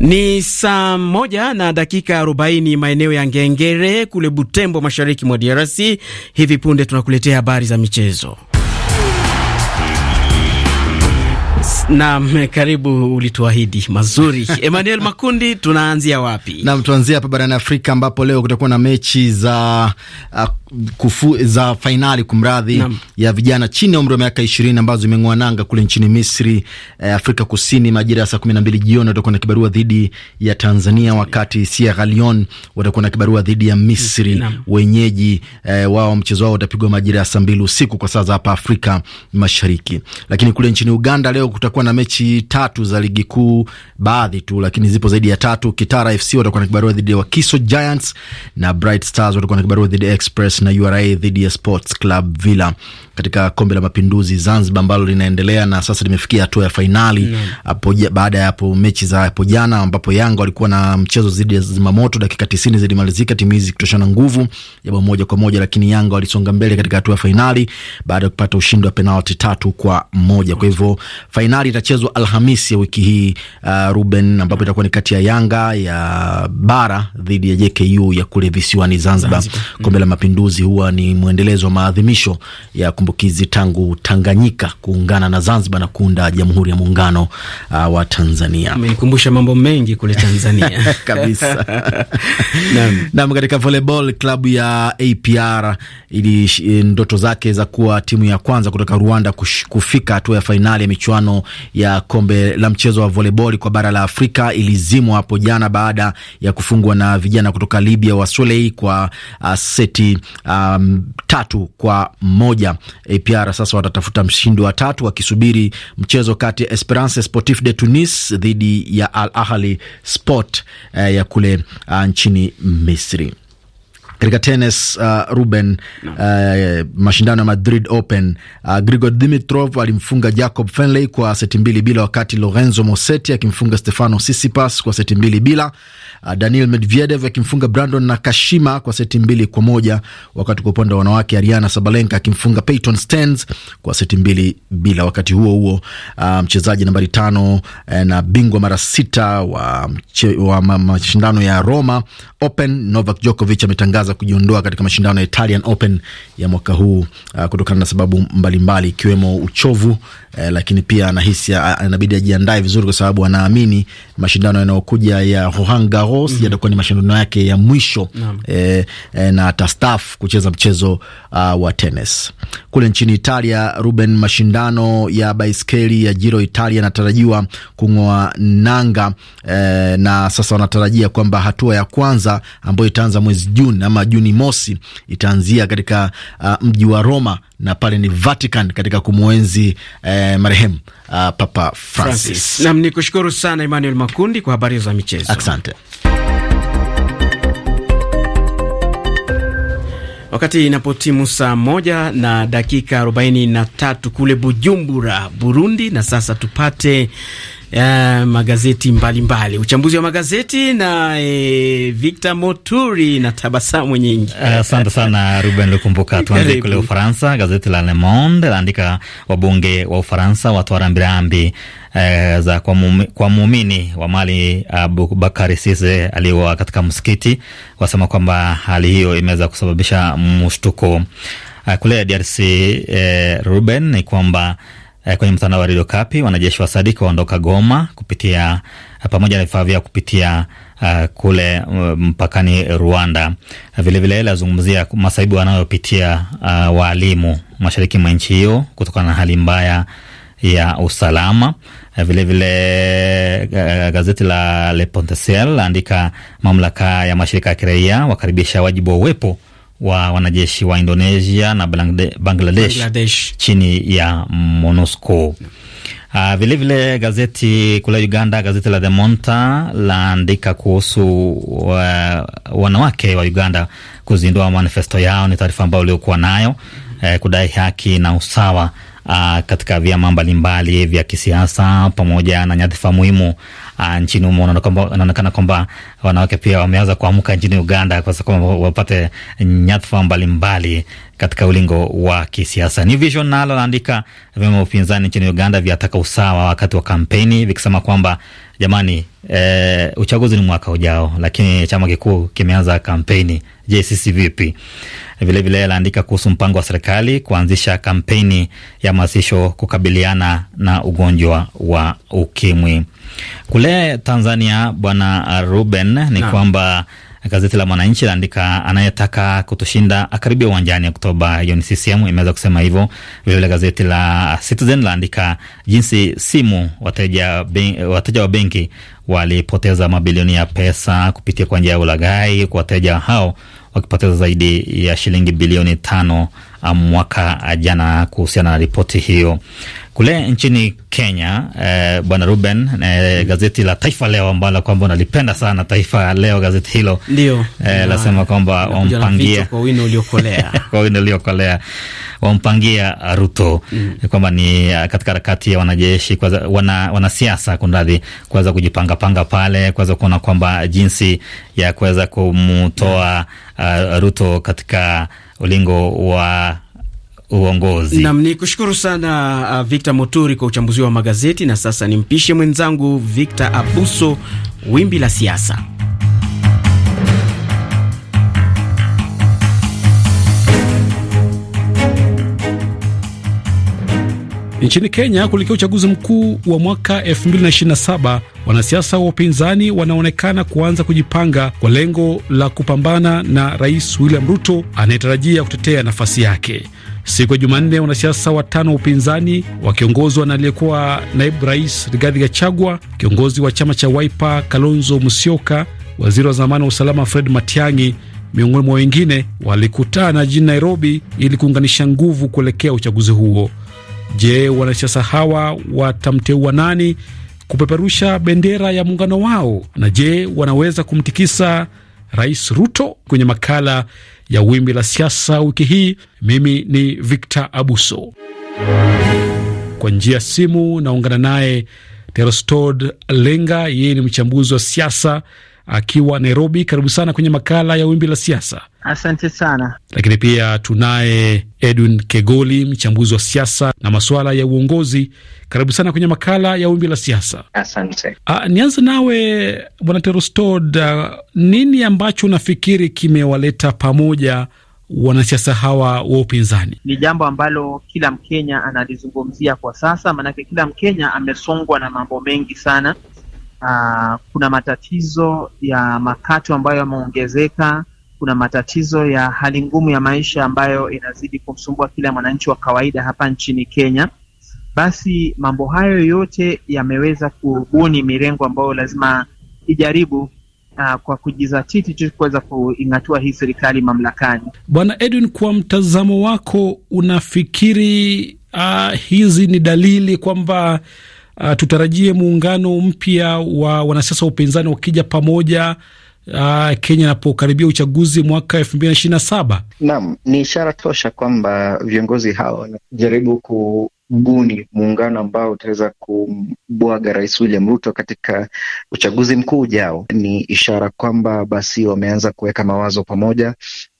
Ni saa moja na dakika arobaini maeneo ya Ngengere kule Butembo, mashariki mwa DRC. Hivi punde tunakuletea habari za michezo. Nam, karibu. Ulituahidi mazuri Emmanuel Makundi, tunaanzia wapi? Nam, tuanzia hapa barani Afrika ambapo leo kutakuwa na mechi za uh, kufu, za fainali kumradhi, ya vijana chini ya umri wa miaka ishirini ambazo imeng'oa nanga kule nchini Misri, eh, Afrika Kusini majira ya saa kumi na mbili jioni watakuwa na kibarua dhidi ya Tanzania, wakati Sierra Leone watakuwa na kibarua dhidi ya Misri Nam. wenyeji eh, wao mchezo wao utapigwa majira ya saa mbili usiku kwa saa za hapa Afrika Mashariki. Lakini kule nchini Uganda leo kutakuwa na mechi tatu za ligi kuu, baadhi tu, lakini zipo zaidi ya tatu. Kitara FC watakuwa na kibarua dhidi ya Wakiso Giants na Bright Stars watakuwa na kibarua dhidi ya Express na URA dhidi ya Sports Club Villa katika kombe la mapinduzi Zanzibar ambalo linaendelea na sasa limefikia hatua ya fainali mm. hapo mm. baada ya hapo mechi za hapo jana ambapo Yanga walikuwa na mchezo dhidi ya Zimamoto, dakika tisini zilimalizika timu hizi kutoshana nguvu ya bao moja kwa moja, lakini Yanga walisonga mbele katika hatua ya fainali baada ya kupata ushindi wa penalti tatu kwa moja. Kwa hivyo fainali itachezwa Alhamisi ya wiki hii uh, Ruben, ambapo itakuwa ni kati ya Yanga ya bara dhidi ya JKU ya kule visiwani Zanzibar, Zanzibar. kombe la mm. mapinduzi uchaguzi huwa ni mwendelezo wa maadhimisho ya kumbukizi tangu Tanganyika kuungana na Zanzibar na kuunda Jamhuri ya Muungano uh, wa Tanzania. Umenikumbusha mambo mengi kule Tanzania kabisa. Naam, katika volleyball klabu ya APR ili eh, ndoto zake za kuwa timu ya kwanza kutoka Rwanda kush, kufika hatua ya fainali ya michuano ya kombe la mchezo wa volleyball kwa bara la Afrika ilizimwa hapo jana baada ya kufungwa na vijana kutoka Libya wa kwa uh, seti um, tatu kwa moja. APR sasa watatafuta mshindi wa tatu wakisubiri mchezo kati ya Esperance Sportif de Tunis dhidi ya Al Ahli Sport uh, ya kule uh, nchini Misri. Katika tenis uh, ah, Ruben no. uh, eh, mashindano ya Madrid Open uh, Grigor Dimitrov alimfunga Jacob Fenley kwa seti mbili bila, wakati Lorenzo Mosetti akimfunga Stefano Sisipas kwa seti mbili bila uh, Daniil Medvedev akimfunga Brandon Nakashima kwa seti mbili kwa moja, wakati kwa upande wa wanawake Ariana Sabalenka akimfunga Peyton Stearns kwa seti mbili bila. Wakati huo huo uh, mchezaji nambari tano eh, na bingwa mara sita wa, wa mashindano ya Roma Open Novak Djokovic ametangaza kujiondoa katika mashindano ya Italian Open ya mwaka huu uh, kutokana na sababu mbalimbali ikiwemo mbali, uchovu eh, lakini pia anahisi anabidi uh, ajiandae vizuri kwa sababu anaamini mashindano yanayokuja ya Roland Garros mm -hmm. yatakuwa ni mashindano yake ya mwisho eh, eh, na tastaf kucheza mchezo uh, wa tenis. Kule nchini Italia, Ruben, mashindano ya baiskeli ya Giro Italia yanatarajiwa kung'oa nanga eh, na sasa wanatarajia kwamba hatua ya kwanza ambayo itaanza mwezi Juni ama Juni mosi itaanzia katika uh, mji wa Roma na pale ni Vatican katika kumwenzi eh, marehemu uh, Papa Francis, Francis. Nam ni kushukuru sana Emmanuel Makundi kwa habari za michezo, asante. Wakati inapotimu saa moja na dakika arobaini na tatu kule Bujumbura, Burundi, na sasa tupate eh, magazeti mbalimbali mbali. Uchambuzi wa magazeti na eh, Victor Moturi na tabasamu nyingi. Eh, asante uh, sana Ruben Lukumbuka. Tuanze kule Ufaransa, gazeti la Le Monde laandika wabunge wa Ufaransa watoa rambirambi eh, za kwa muumini wa Mali Abubakari Sise aliyewa katika msikiti, wasema kwamba hali hiyo imeweza kusababisha mshtuko eh, kule DRC. Eh, Ruben ni kwamba eh, kwenye mtandao wa redio Kapi. Wanajeshi wa Sadiki waondoka Goma kupitia eh, pamoja na vifaa vyao kupitia uh, kule eh, mpakani Rwanda. Vilevile lazungumzia masaibu wanayopitia uh, waalimu mashariki mwa nchi hiyo kutokana na hali mbaya ya usalama. Vilevile vile, gazeti la Le Potentiel laandika mamlaka ya mashirika ya kiraia wakaribisha wajibu wa uwepo wa wanajeshi wa Indonesia na Bangladesh, Bangladesh chini ya MONUSCO. Uh, ah, vilevile gazeti kule Uganda, gazeti la The Monitor laandika kuhusu uh, wanawake wa Uganda kuzindua manifesto yao. Ni taarifa ambayo uliokuwa nayo eh, kudai haki na usawa uh, katika vyama mbalimbali vya kisiasa pamoja na nyadhifa muhimu uh, nchini humo. Inaonekana kwamba wanawake pia wameanza kuamka nchini Uganda kwa kwamba wapate nyadhifa mbalimbali katika ulingo wa kisiasa. Ni Vision nalo naandika vyama upinzani nchini Uganda vyataka usawa wakati wa kampeni, vikisema kwamba jamani, e, uchaguzi ni mwaka ujao, lakini chama kikuu kimeanza kampeni JCCVP. sisi vipi? Vilevile alaandika kuhusu mpango wa serikali kuanzisha kampeni ya mazisho kukabiliana na ugonjwa wa ukimwi. Kule Tanzania, Bwana Ruben, ni na kwamba gazeti la Mwananchi laandika anayetaka kutushinda akaribia uwanjani Oktoba. Hiyo ni CCM imeweza kusema hivyo. Vilevile gazeti la Citizen laandika jinsi simu wateja, ben, wateja wa benki walipoteza mabilioni ya pesa kupitia kwa njia ya ulaghai kwa wateja hao wakipoteza zaidi ya shilingi bilioni tano Um, mwaka uh, jana kuhusiana na ripoti hiyo. Kule nchini Kenya eh, bwana Ruben eh, gazeti la Taifa Leo ambalo kwamba unalipenda sana Taifa Leo, gazeti hilo ndio eh, lasema kwamba wampangia kwa wino uliokolea kwa wino uliokolea wampangia Ruto mm, kwamba ni katika harakati ya wanajeshi kwanza, wana wanasiasa kunradhi, kuweza kujipanga panga pale, kuweza kuona kwamba jinsi ya kuweza kumtoa yeah, uh, Ruto katika ulingo wa uongozi. Nam ni kushukuru sana uh, Victor Moturi kwa uchambuzi wa magazeti, na sasa nimpishe mwenzangu Victor Abuso, wimbi la siasa. Nchini Kenya kuelekea uchaguzi mkuu wa mwaka 2027 wanasiasa wa upinzani wanaonekana kuanza kujipanga kwa lengo la kupambana na Rais William Ruto anayetarajia kutetea nafasi yake. Siku ya Jumanne, wanasiasa watano wa upinzani wakiongozwa na aliyekuwa naibu rais Rigathi Gachagua, kiongozi wa chama cha Wiper Kalonzo Musyoka, waziri wa zamani wa usalama Fred Matiang'i miongoni mwa wengine walikutana jijini Nairobi ili kuunganisha nguvu kuelekea uchaguzi huo. Je, wanasiasa hawa watamteua nani kupeperusha bendera ya muungano wao. Na je, wanaweza kumtikisa Rais Ruto? Kwenye makala ya Wimbi la Siasa wiki hii, mimi ni Victor Abuso. Kwa njia ya simu naungana naye Terostod Lenga, yeye ni mchambuzi wa siasa akiwa Nairobi. Karibu sana kwenye makala ya Wimbi la Siasa. Asante sana. Lakini pia tunaye Edwin Kegoli, mchambuzi wa siasa na masuala ya uongozi. Karibu sana kwenye makala ya Wimbi la Siasa. Asante. Ah, nianze nawe Bwana Terostod, ah, nini ambacho unafikiri kimewaleta pamoja wanasiasa hawa wa upinzani? Ni jambo ambalo kila Mkenya analizungumzia kwa sasa, maanake kila Mkenya amesongwa na mambo mengi sana uh, kuna matatizo ya makato ambayo yameongezeka, kuna matatizo ya hali ngumu ya maisha ambayo inazidi kumsumbua kila mwananchi wa kawaida hapa nchini Kenya. Basi mambo hayo yote yameweza kubuni mirengo ambayo lazima ijaribu Uh, kwa kujizatiti tu kuweza kuing'atua hii serikali mamlakani. Bwana Edwin, kwa mtazamo wako unafikiri uh, hizi ni dalili kwamba uh, tutarajie muungano mpya wa wanasiasa wa upinzani wakija pamoja uh, Kenya inapokaribia uchaguzi mwaka elfu mbili na ishirini na saba. Naam, ni ishara tosha kwamba viongozi hawa wanajaribu ku buni muungano ambao utaweza kumbwaga Rais William Ruto katika uchaguzi mkuu ujao. Ni ishara kwamba basi wameanza kuweka mawazo pamoja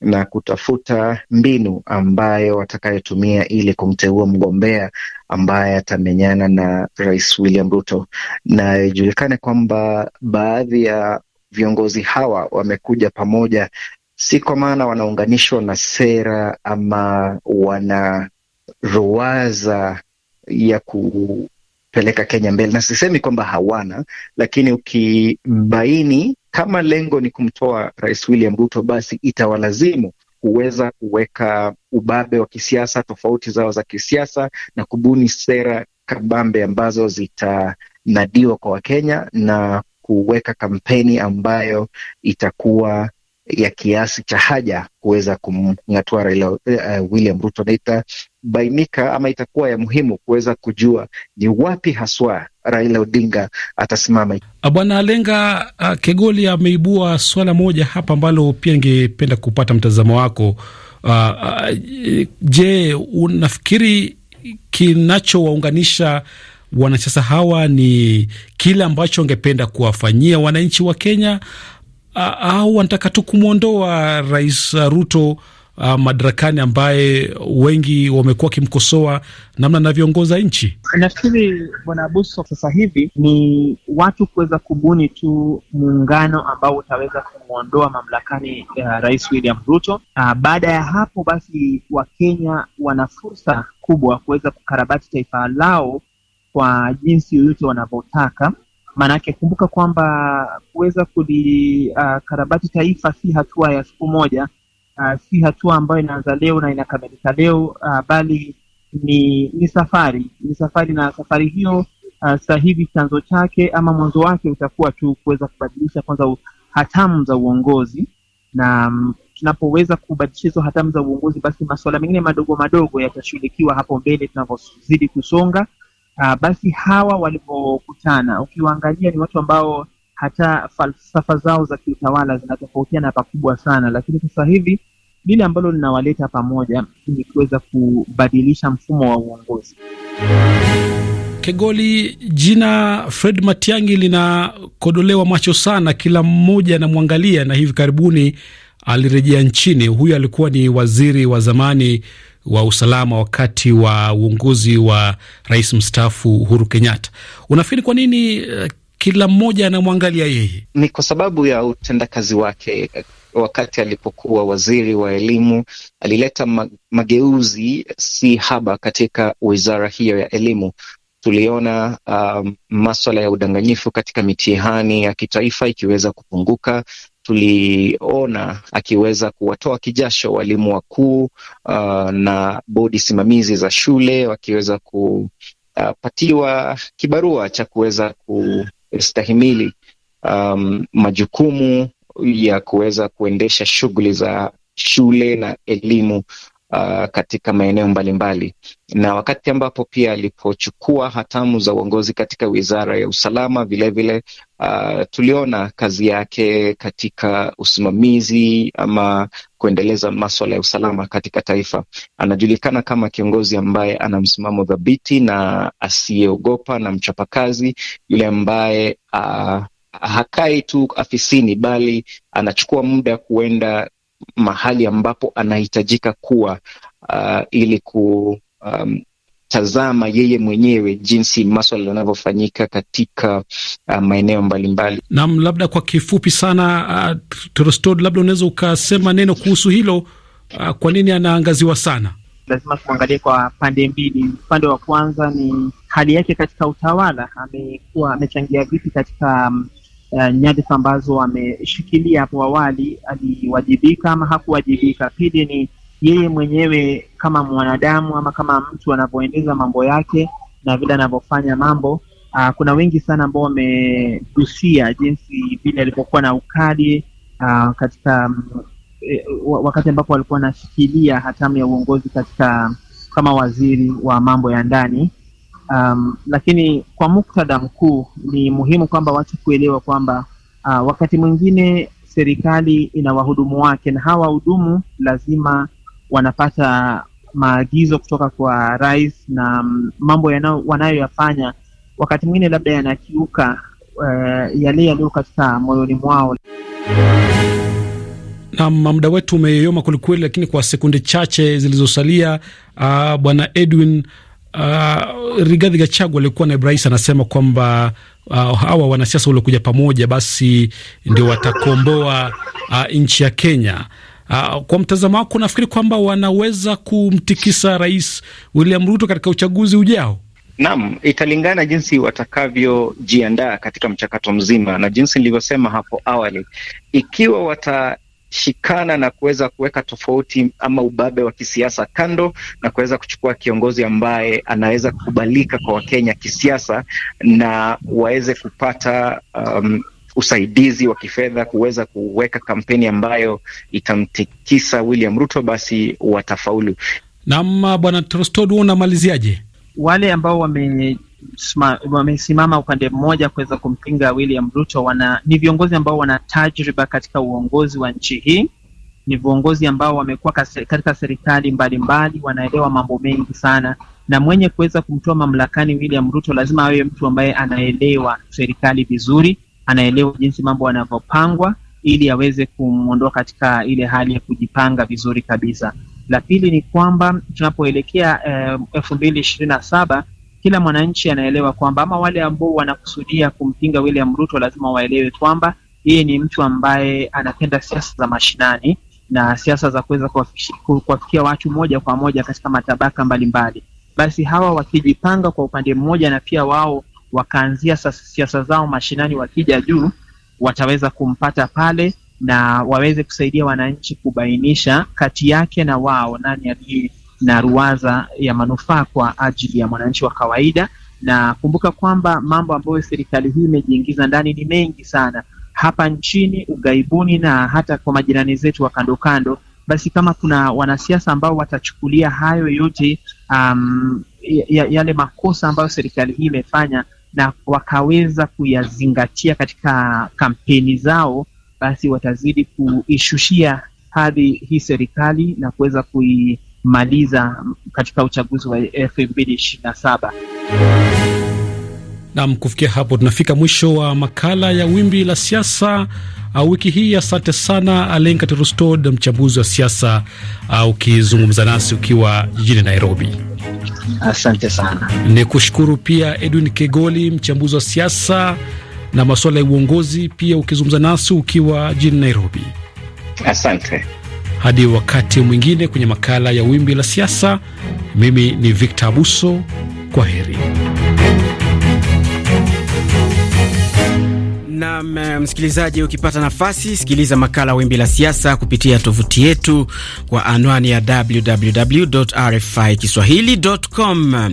na kutafuta mbinu ambayo watakayotumia ili kumteua mgombea ambaye atamenyana na Rais William Ruto, na ijulikane kwamba baadhi ya viongozi hawa wamekuja pamoja, si kwa maana wanaunganishwa na sera ama wana ruwaza ya kupeleka Kenya mbele, na sisemi kwamba hawana, lakini ukibaini kama lengo ni kumtoa Rais William Ruto, basi itawalazimu kuweza kuweka ubabe wa kisiasa, tofauti zao za kisiasa na kubuni sera kabambe ambazo zitanadiwa kwa Wakenya na kuweka kampeni ambayo itakuwa ya kiasi cha haja kuweza kumng'atua Raila uh, William Ruto. Naita itabainika ama itakuwa ya muhimu kuweza kujua ni wapi haswa Raila Odinga atasimama. Ah, Bwana Alenga uh, ah, Kegoli ameibua swala moja hapa ambalo pia ningependa kupata mtazamo wako. Uh, uh, je, unafikiri kinachowaunganisha wanasiasa hawa ni kile ambacho wangependa kuwafanyia wananchi wa Kenya au wanataka tu kumwondoa Rais Ruto uh, madarakani ambaye wengi wamekuwa wakimkosoa namna anavyoongoza nchi. Nafikiri bwana Abuso, sasa hivi ni watu kuweza kubuni tu muungano ambao utaweza kumwondoa mamlakani uh, Rais William Ruto. Uh, baada ya hapo basi Wakenya wana fursa kubwa kuweza kukarabati taifa lao kwa jinsi yoyote wanavyotaka. Maanake kumbuka kwamba kuweza kulikarabati uh, taifa si hatua ya siku moja, uh, si hatua ambayo inaanza leo na inakamilika leo uh, bali ni ni safari ni safari na safari hiyo uh, sasa hivi chanzo chake ama mwanzo wake utakuwa tu kuweza kubadilisha kwanza hatamu za uongozi na mm, tunapoweza kubadilisha hizo hatamu za uongozi, basi masuala mengine madogo madogo yatashughulikiwa hapo mbele tunavyozidi kusonga. Uh, basi hawa walivyokutana, ukiwaangalia ni watu ambao hata falsafa zao za kiutawala zinatofautiana pakubwa sana, lakini sasa hivi lile ambalo linawaleta pamoja ni kuweza kubadilisha mfumo wa uongozi. Kegoli, jina Fred Matiang'i linakodolewa macho sana, kila mmoja anamwangalia, na hivi karibuni alirejea nchini. Huyu alikuwa ni waziri wa zamani wa usalama wakati wa uongozi wa rais mstaafu Uhuru Kenyatta. Unafikiri kwa nini eh, kila mmoja anamwangalia yeye. Ni kwa sababu ya utendakazi wake. Wakati alipokuwa waziri wa elimu, alileta mageuzi si haba katika wizara hiyo ya elimu. Tuliona um, maswala ya udanganyifu katika mitihani ya kitaifa ikiweza kupunguka. Tuliona akiweza kuwatoa kijasho walimu wakuu uh, na bodi simamizi za shule wakiweza kupatiwa uh, kibarua cha kuweza ku stahimili um, majukumu ya kuweza kuendesha shughuli za shule na elimu uh, katika maeneo mbalimbali, na wakati ambapo pia alipochukua hatamu za uongozi katika wizara ya usalama vilevile vile, uh, tuliona kazi yake katika usimamizi ama kuendeleza maswala ya usalama katika taifa. Anajulikana kama kiongozi ambaye ana msimamo dhabiti na asiyeogopa na mchapakazi, yule ambaye uh, hakai tu afisini bali anachukua muda kuenda mahali ambapo anahitajika kuwa uh, ili kutazama um, yeye mwenyewe jinsi maswala yanavyofanyika katika uh, maeneo mbalimbali. Naam, labda kwa kifupi sana uh, Trostod, labda unaweza ukasema neno kuhusu hilo uh, kwa nini anaangaziwa sana? Lazima tuangalie kwa pande mbili. Upande wa kwanza ni hali yake katika utawala, amekuwa amechangia vipi katika um, uh, nyadhifa ambazo ameshikilia hapo awali, aliwajibika ama hakuwajibika. Pili ni yeye mwenyewe kama mwanadamu ama kama mtu anavyoendeza mambo yake na vile anavyofanya mambo. Uh, kuna wengi sana ambao wamegusia jinsi vile alivyokuwa na ukali uh, katika um, wakati ambapo alikuwa anashikilia hatamu ya uongozi katika kama waziri wa mambo ya ndani Um, lakini kwa muktadha mkuu ni muhimu kwamba watu kuelewa kwamba uh, wakati mwingine serikali ina wahudumu wake na hawa wahudumu lazima wanapata maagizo kutoka kwa rais na um, mambo wanayoyafanya wakati mwingine labda yanakiuka uh, yale yaliyo katika moyoni mwao. Nam, muda wetu umeyoyoma kwelikweli, lakini kwa sekunde chache zilizosalia, uh, Bwana Edwin Uh, Rigathi Gachagua alikuwa na rais, anasema kwamba uh, hawa wanasiasa waliokuja pamoja basi ndio watakomboa uh, nchi ya Kenya. Uh, kwa mtazamo wako nafikiri kwamba wanaweza kumtikisa Rais William Ruto katika uchaguzi ujao? Naam, italingana jinsi watakavyojiandaa katika mchakato mzima, na jinsi nilivyosema hapo awali, ikiwa wata kushikana na kuweza kuweka tofauti ama ubabe wa kisiasa kando na kuweza kuchukua kiongozi ambaye anaweza kukubalika kwa Wakenya kisiasa na waweze kupata um, usaidizi wa kifedha kuweza kuweka kampeni ambayo itamtikisa William Ruto, basi watafaulu. Naam, Bwana Trostod, unamaliziaje? Wale ambao wame wamesimama upande mmoja kuweza kumpinga William Ruto wana, ni viongozi ambao wana tajriba katika uongozi wa nchi hii. Ni viongozi ambao wamekuwa katika serikali mbalimbali, wanaelewa mambo mengi sana, na mwenye kuweza kumtoa mamlakani William Ruto lazima awe mtu ambaye anaelewa serikali vizuri, anaelewa jinsi mambo yanavyopangwa ili aweze kumwondoa katika ile hali ya kujipanga vizuri kabisa. La pili ni kwamba tunapoelekea eh, elfu mbili ishirini na saba kila mwananchi anaelewa kwamba, ama wale ambao wanakusudia kumpinga William Ruto lazima waelewe kwamba yeye ni mtu ambaye anapenda siasa za mashinani na siasa za kuweza kuwafikia watu moja kwa moja katika matabaka mbalimbali mbali. Basi hawa wakijipanga kwa upande mmoja na pia wao wakaanzia siasa zao mashinani, wakija juu wataweza kumpata pale na waweze kusaidia wananchi kubainisha kati yake na wao nani aliye na ruwaza ya manufaa kwa ajili ya mwananchi wa kawaida. Na kumbuka kwamba mambo ambayo serikali hii imejiingiza ndani ni mengi sana hapa nchini, ughaibuni na hata kwa majirani zetu wa kando kando. Basi kama kuna wanasiasa ambao watachukulia hayo yote um, yale makosa ambayo serikali hii imefanya na wakaweza kuyazingatia katika kampeni zao, basi watazidi kuishushia hadhi hii serikali na kuweza kui kumaliza katika uchaguzi wa elfu mbili ishirini na saba. Nam, kufikia hapo tunafika mwisho wa makala ya wimbi la siasa uh, wiki hii. Asante sana Alen Katerustod, mchambuzi wa siasa uh, ukizungumza nasi ukiwa jijini Nairobi. Asante sana. Ni kushukuru pia Edwin Kegoli, mchambuzi wa siasa na masuala ya uongozi, pia ukizungumza nasi ukiwa jijini Nairobi. Asante. Hadi wakati mwingine kwenye makala ya Wimbi la Siasa, mimi ni Victor Abuso, kwa heri. Nam eh, msikilizaji, ukipata nafasi sikiliza makala Wimbi la Siasa kupitia tovuti yetu kwa anwani ya www kiswahilicom.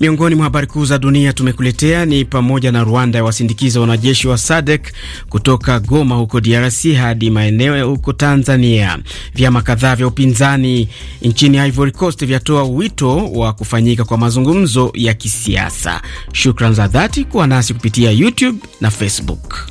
Miongoni mwa habari kuu za dunia tumekuletea ni pamoja na Rwanda yawasindikiza wanajeshi wa SADEK kutoka Goma huko DRC hadi maeneo huko Tanzania. Vyama kadhaa vya upinzani nchini Ivory Coast vyatoa wito wa kufanyika kwa mazungumzo ya kisiasa. Shukran za dhati kuwa nasi kupitia YouTube na Facebook.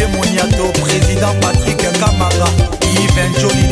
Olivier président Patrick Kamara Yves Jolie.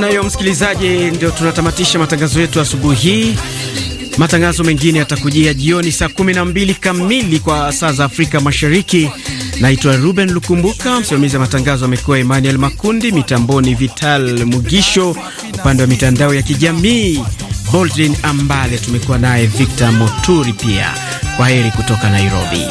namna hiyo, msikilizaji, ndio tunatamatisha matangazo yetu asubuhi hii. Matangazo mengine yatakujia jioni saa 12 kamili kwa saa za Afrika Mashariki. Naitwa Ruben Lukumbuka, msimamizi wa matangazo amekuwa Emmanuel Makundi, mitamboni Vital Mugisho, upande wa mitandao ya kijamii Boldrin Ambale, tumekuwa naye Victor Moturi pia. Kwa heri kutoka Nairobi.